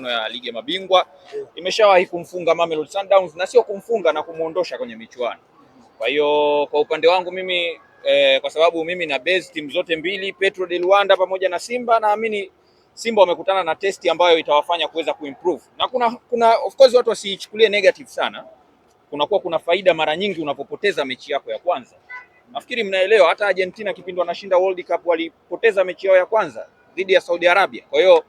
michuano ya ligi ya mabingwa imeshawahi kumfunga Mamelodi Sundowns na sio kumfunga na kumuondosha kwenye michuano. Kwa hiyo kwa upande wangu mimi eh, kwa sababu mimi na base timu zote mbili Petro de Luanda pamoja na Simba, naamini Simba wamekutana na testi ambayo itawafanya kuweza kuimprove na kuna, kuna of course watu wasiichukulie negative sana, kunakuwa kuna faida mara nyingi unapopoteza mechi yako ya kwanza. Nafikiri mnaelewa hata Argentina kipindi wanashinda World Cup walipoteza mechi yao ya kwanza dhidi ya Saudi Arabia. Kwa hiyo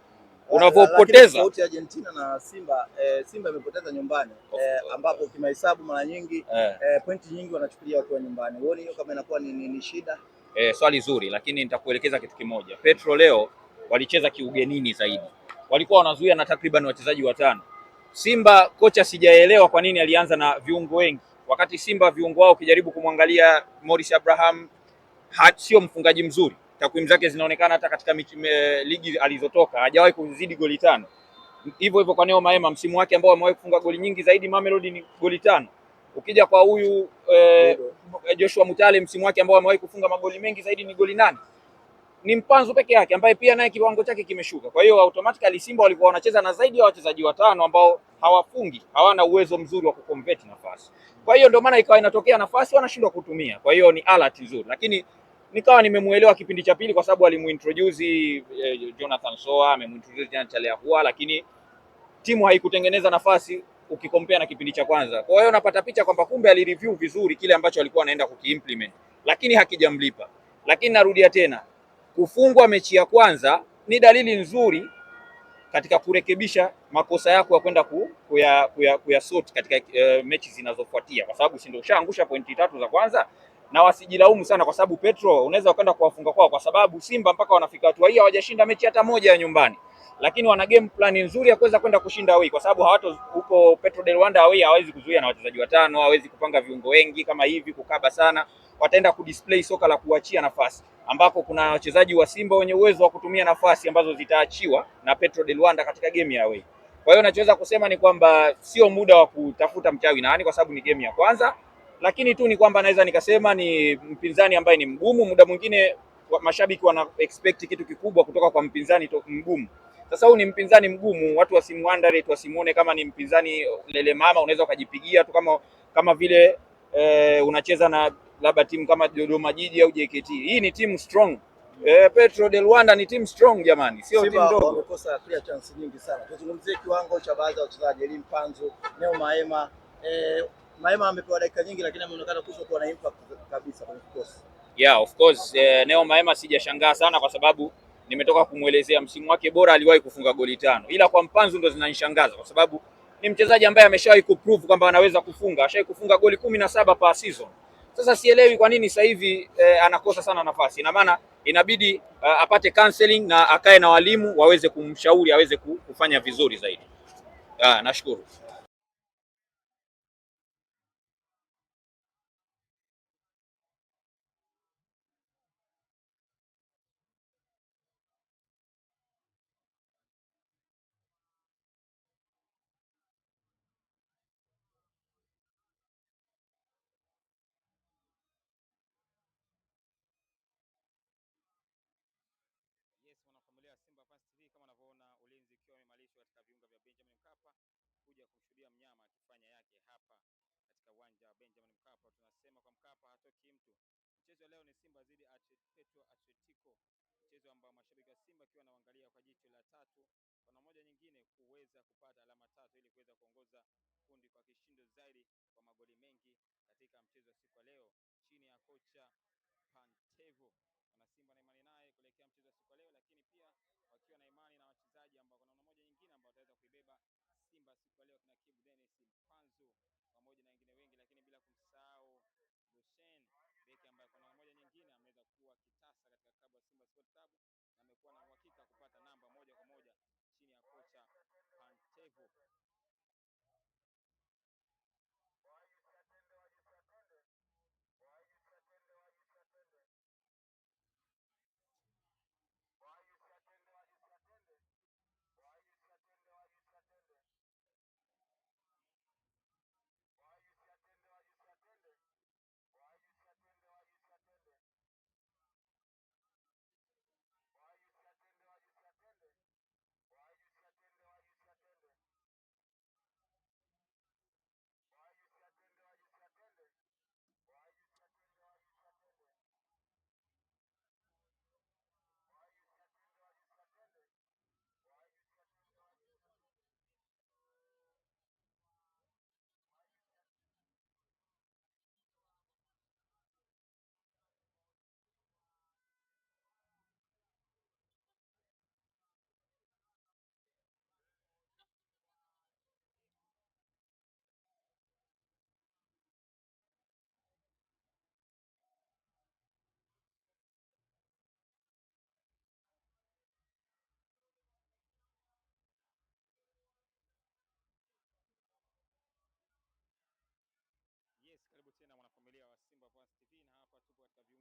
Eh, unavyopoteza Argentina na Simba eh, Simba imepoteza nyumbani eh, ambapo ukimahesabu mara nyingi eh, eh, pointi nyingi wanachukulia wakiwa nyumbani. Uone hiyo kama inakuwa ni, ni, ni shida eh, swali zuri, lakini nitakuelekeza kitu kimoja. Petro leo walicheza kiugenini zaidi, walikuwa wanazuia na takriban wachezaji watano. Simba kocha sijaelewa kwa nini alianza na viungo wengi, wakati Simba viungo wao ukijaribu kumwangalia Morris Abraham sio mfungaji mzuri takwimu zake zinaonekana hata katika michi, me, ligi alizotoka hajawahi kuzidi goli tano. Hivyo hivyo kwa Neo Maema msimu wake ambao amewahi kufunga goli nyingi zaidi Mamelodi ni goli tano. Ukija kwa huyu eh, eh, Joshua Mutale msimu wake ambao amewahi kufunga magoli mengi zaidi ni goli nane. Ni Mpanzu peke yake ambaye pia naye kiwango chake kimeshuka. Kwa hiyo automatically Simba walikuwa wanacheza na zaidi ya wachezaji watano ambao hawafungi, hawana uwezo mzuri wa kuconvert nafasi. Kwa hiyo ndio maana ikawa inatokea nafasi wanashindwa kutumia. Kwa hiyo ni alert nzuri, lakini nikawa nimemuelewa kipindi cha pili, kwa sababu alimuintroduce eh, Jonathan Soa amemuintroduce Jean Charles, lakini timu haikutengeneza nafasi ukikompea na kipindi cha kwanza. Kwa hiyo unapata picha kwamba kumbe alireview vizuri kile ambacho alikuwa anaenda kukiimplement, lakini hakijamlipa. Lakini narudia tena, kufungwa mechi ya kwanza ni dalili nzuri katika kurekebisha makosa yako ya kwenda ku, kuya, kuya katika uh, mechi zinazofuatia, kwa sababu si ndio ushaangusha pointi tatu za kwanza na wasijilaumu sana, kwa sababu Petro unaweza ukaenda kuwafunga kwao, kwa sababu Simba mpaka wanafika hatua hii hawajashinda mechi hata moja ya nyumbani, lakini wana game plan nzuri ya kuweza kwenda kushinda away, kwa sababu hawato huko Petro de Luanda away hawezi kuzuia na wachezaji watano, hawezi kupanga viungo wengi kama hivi kukaba sana, wataenda kudisplay soka la kuachia nafasi, ambako kuna wachezaji wa Simba wenye uwezo wa kutumia nafasi ambazo zitaachiwa na Petro de Luanda katika game ya away. Kwa hiyo nachoweza kusema ni kwamba sio muda wa kutafuta mchawi nani, kwa sababu ni game ya kwanza lakini tu ni kwamba naweza nikasema ni mpinzani ambaye ni mgumu. Muda mwingine mashabiki wana expect kitu kikubwa kutoka kwa mpinzani to, mgumu. Sasa huu ni mpinzani mgumu, watu tu wasimuone kama ni mpinzani lele mama, unaweza ukajipigia tu kama kama vile e, unacheza na labda timu kama Dodoma Jiji au JKT. Hii ni timu strong. E, Petro de Luanda ni timu strong jamani, sio timu ndogo. Wamekosa clear chance nyingi sana. Tuzungumzie kiwango cha baadhi ya wachezaji Elimpanzu, Neo Maema, eh Maema amepewa dakika nyingi, lakini ameonekana kuwa na impact kabisa kwenye kikosi. Yeah, of course eh, Neo Maema sijashangaa sana kwa sababu nimetoka kumwelezea msimu wake bora aliwahi kufunga goli tano, ila kwa mpanzu ndo zinanishangaza kwa sababu ni mchezaji ambaye ameshawahi kuprove kwamba anaweza kufunga, ashawahi kufunga goli kumi na saba per season. Sasa sielewi kwa nini sasa hivi eh, anakosa sana nafasi. Ina maana inabidi uh, apate counseling na akae na walimu waweze kumshauri aweze kufanya vizuri zaidi. Ah, nashukuru. wananchi katika viunga vya Benjamin Mkapa kuja kumshuhudia mnyama akifanya yake hapa katika uwanja wa Benjamin Mkapa. Tunasema kwa Mkapa hatoki mtu. Mchezo wa leo ni Simba dhidi Petro Atletico, mchezo ambao mashabiki wa Simba akiwa wanaangalia kwa jicho la tatu, kwa moja nyingine kuweza kupata alama tatu ili kuweza kuongoza kundi kwa kishindo zaidi kwa magoli mengi katika mchezo wa siku ya leo chini ya kocha Pantevo. Wanasimba na imani naye kuelekea mchezo wa siku ya leo, lakini pia kina Kibu Dennis Mpanzu pamoja na wengine wengi, lakini bila kumsahau Rushen beki ambaye kwa namna moja nyingine ameweza kuwa kitasa katika klabu ya Simba Sports Club na amekuwa na uhakika kupata namba moja kwa moja chini ya kocha pantevo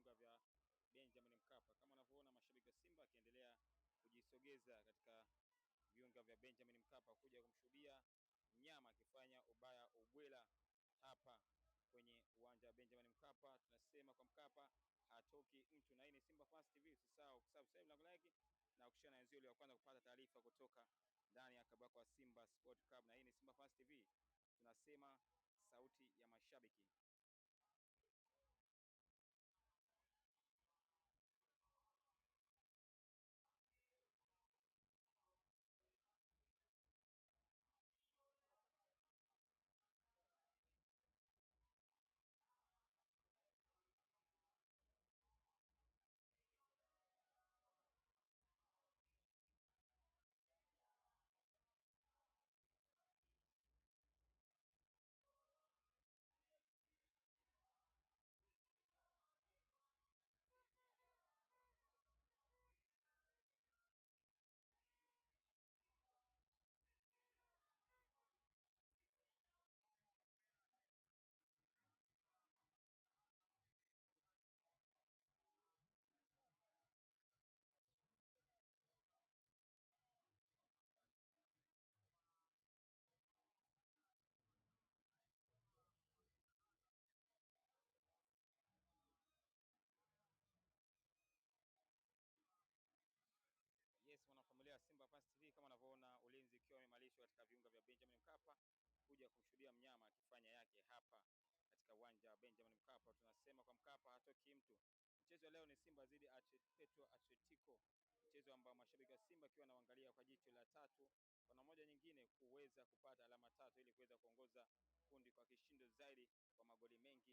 katika viunga vya Benjamin Mkapa. Kama unavyoona mashabiki wa Simba akiendelea kujisogeza katika viunga vya Benjamin Mkapa kuja kumshuhudia mnyama akifanya ubaya ubwela hapa kwenye uwanja wa Benjamin Mkapa. Tunasema kwa Mkapa hatoki mtu, na hii ni Simba Fast TV. Usisahau kusubscribe na kulike na kushare na wenzio wa kwanza kupata taarifa kutoka ndani ya kabako Simba Sport Club, na hii ni Simba Fast TV, tunasema sauti ya mashabiki. Mkapa kuja kumshuhudia mnyama akifanya yake hapa katika uwanja wa Benjamin Mkapa. Tunasema kwa Mkapa hatoki mtu. Mchezo leo ni Simba dhidi Petro Atletico, mchezo ambao mashabiki wa Simba akiwa anaangalia kwa jicho la tatu kwa moja nyingine kuweza kupata alama tatu ili kuweza kuongoza kundi kwa kishindo zaidi kwa magoli mengi